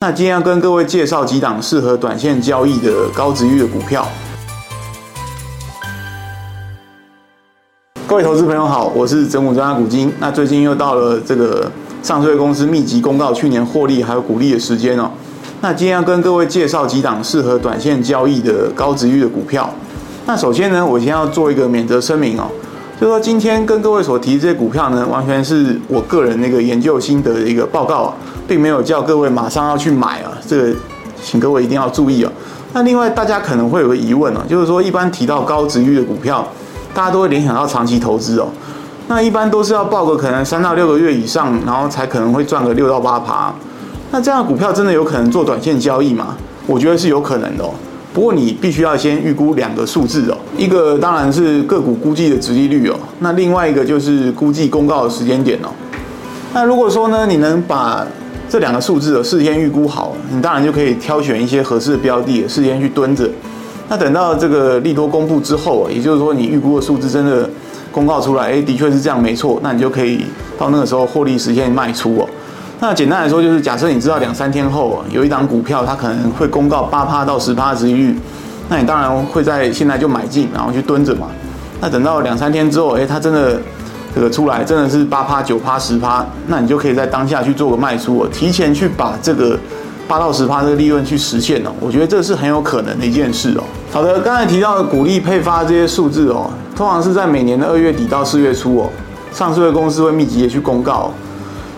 那今天要跟各位介紹幾檔適合短線交易的高殖利率的股票。各位投資朋友好，我是拯股專家股晶。那最近又到了這個上市公司密集公告去年獲利還有股利的時間哦。那今天要跟各位介紹幾檔適合短線交易的高殖利率的股票。那首先呢，我先要做一個免責聲明哦。就是、說今天跟各位所提這些股票呢，完全是我個人那個研究心得的一個報告、啊，並沒有叫各位馬上要去買啊，這個請各位一定要注意啊、哦。那另外大家可能會有個疑問啊，就是說一般提到高殖利率的股票，大家都會聯想到長期投資哦。那一般都是要抱個可能三到六個月以上，然後才可能會賺個六到八趴、啊。那這樣的股票真的有可能做短線交易嗎？我覺得是有可能的、哦。不過你必須要先預估兩個數字哦，一個當然是個股估計的殖利率哦，那另外一個就是估計公告的時間點哦。那如果說呢，你能把這兩個數字、哦、事先預估好，你當然就可以挑選一些合適的標的，事先去蹲着。那等到這個利多公布之後、哦，也就是說你預估的數字真的公告出來，誒，的確是這樣沒錯，那你就可以到那個時候獲利實現賣出哦。那簡單來說，就是假設你知道兩三天後、哦、有一檔股票它可能會公告八趴到十趴之餘，那你當然會在現在就買進，然後去蹲着嘛。那等到兩三天之後，哎，它真的這個出來真的是八趴九趴十趴，那你就可以在當下去做個賣出、哦、提前去把這個八到十趴這個利潤去實現、哦、我覺得這是很有可能的一件事哦。好的，剛才提到的股利配發這些數字哦，通常是在每年的二月底到四月初哦，上市的公司會密集的去公告、哦。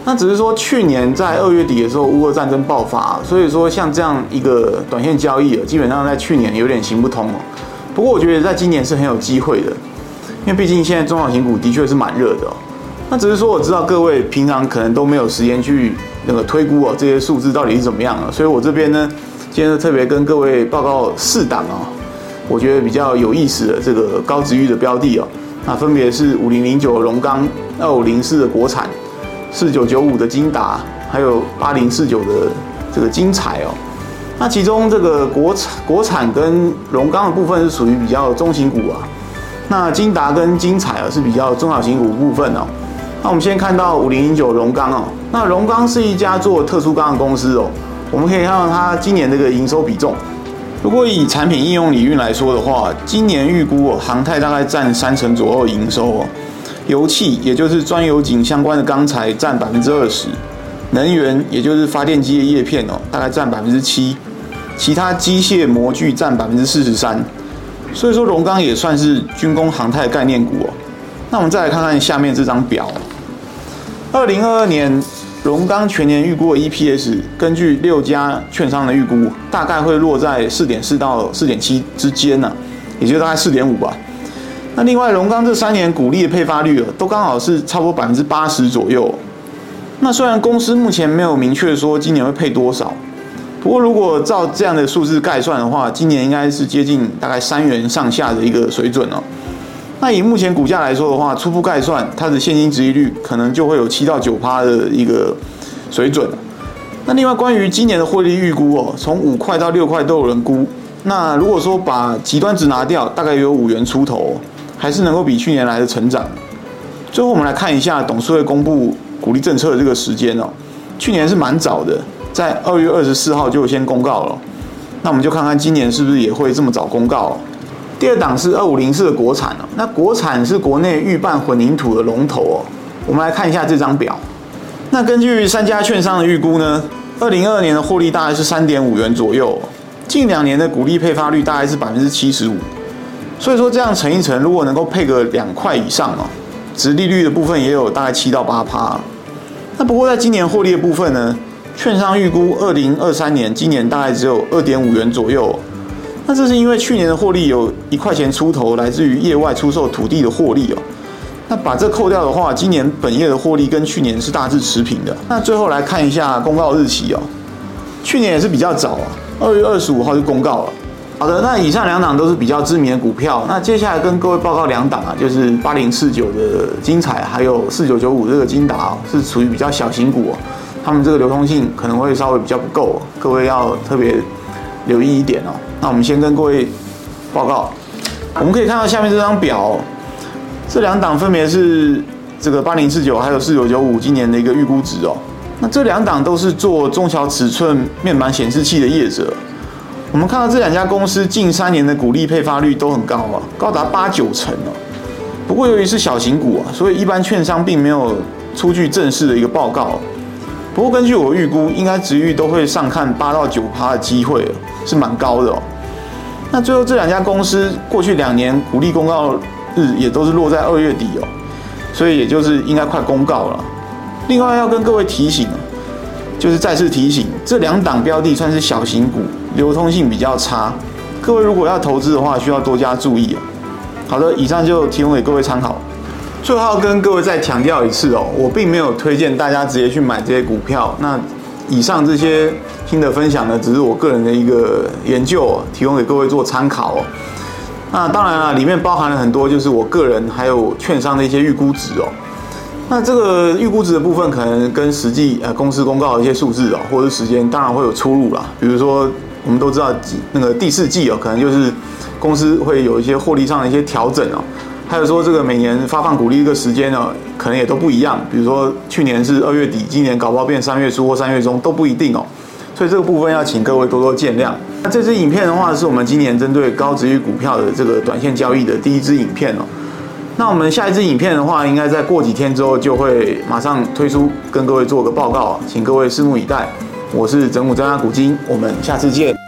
那只是說，去年在二月底的時候，烏俄戰爭爆發、啊，所以說像這樣一個短線交易啊，基本上在去年有點行不通哦。不過我覺得在今年是很有機會的，因為畢竟現在中小型股的確是蠻熱的、哦。那只是說，我知道各位平常可能都沒有時間去那個推估哦，這些數字到底是怎麼樣啊？所以我這邊呢，今天特別跟各位報告四檔啊、哦，我覺得比較有意思的這個高殖利率的標的哦，那分別是五零零九榮剛、二五零四的國產。四九九五的晶達，還有八零四九的這個晶采哦，那其中這個國產國產跟榮剛的部分是屬於比較中型股啊。那晶達跟晶采啊是比較中小型股的部分哦。那我們先看到五零零九榮剛哦。那榮剛是一家做特殊鋼的公司哦。我們可以看到它今年這個營收比重。如果以產品應用領域來說的話，今年預估哦，航太大概占三成左右營收哦。油氣，也就是鑽油井相關的鋼材占百分之二十，能源，也就是發電機的葉片哦，大概占百分之七，其他機械模具占百分之四十三。所以說，榮剛也算是軍工航太概念股哦。那我們再來看看下面這張表，二零二二年榮剛全年預估的 EPS，根據六家券商的預估，大概會落在四點四到四點七之間呢、啊，也就是大概四點五吧。那另外，龍鋼這三年股利的配發率、哦、都剛好是差不多百分之八十左右。那雖然公司目前沒有明確說今年會配多少，不過如果照這樣的數字概算的話，今年應該是接近大概三元上下的一個水準哦。那以目前股價來說的話，初步概算它的現金殖利率可能就會有七到九趴的一個水準。那另外，關於今年的獲利預估哦，從五塊到六塊都有人估。那如果說把極端值拿掉，大概也有五元出頭、哦。還是能夠比去年來的成長。最後，我們來看一下董事會公布股利政策的這個時間哦。去年是蠻早的，在二月二十四號就先公告了。那我們就看看今年是不是也會這麼早公告哦。第二檔是二五零四的國產哦。那國產是國內預拌混凝土的龍頭哦。我們來看一下這張表。那根據三家券商的預估呢，二零二二年的獲利大概是三點五元左右，近兩年的股利配發率大概是百分之七十五。所以說這樣乘一乘，如果能夠配個兩塊以上哦，殖利率的部分也有大概七到八趴啊。那不過在今年獲利的部分呢，券商預估二零二三年今年大概只有二點五元左右。那這是因為去年的獲利有一塊錢出頭，來自於業外出售土地的獲利哦。那把這扣掉的話，今年本業的獲利跟去年是大致持平的。那最後來看一下公告日期哦，去年也是比較早啊，二月二十五號就公告了。好的，那以上兩檔都是比較知名的股票。那接下來跟各位報告兩檔啊，就是八零四九的晶彩，還有四九九五這個晶達哦，是處於比較小型股哦，他們這個流通性可能會稍微比較不夠哦，各位要特別留意一點哦。那我們先跟各位報告，我們可以看到下面這張表哦，這兩檔分別是這個八零四九還有四九九五今年的一個預估值哦。那這兩檔都是做中小尺寸面板顯示器的業者。我們看到這兩家公司近三年的股利配發率都很高啊，高達八九成哦。不過由於是小型股啊，所以一般券商並沒有出具正式的一個報告啊。不過根據我預估，應該殖利率都會上看八到九趴的機會，是蠻高的哦。那最後這兩家公司過去兩年股利公告日也都是落在二月底哦，所以也就是應該快公告了啊。另外要跟各位提醒啊，就是再次提醒這兩檔標的算是小型股。流通性比較差，各位如果要投資的話，需要多加注意啊。好的，以上就提供給各位參考。最後跟各位再強調一次哦，我並沒有推薦大家直接去買這些股票。那以上這些新的分享呢，只是我個人的一個研究哦，提供給各位做參考哦。那當然啦，裡面包含了很多就是我個人還有券商的一些預估值哦。那這個預估值的部分，可能跟實際呃公司公告的一些數字哦，或者是時間，當然會有出入啦。比如說。我們都知道，那個第四季哦，可能就是公司會有一些獲利上的一些調整哦，還有說這個每年發放股利的時間呢、哦，可能也都不一樣，比如說去年是二月底，今年搞不好變三月初或三月中都不一定哦，所以這個部分要請各位多多見諒。那這支影片的話，是我們今年針對高殖利率股票的這個短線交易的第一支影片哦。那我們下一支影片的話，應該在過幾天之後就會馬上推出，跟各位做個報告、哦，請各位拭目以待。我是拯股專家股晶，我們下次見。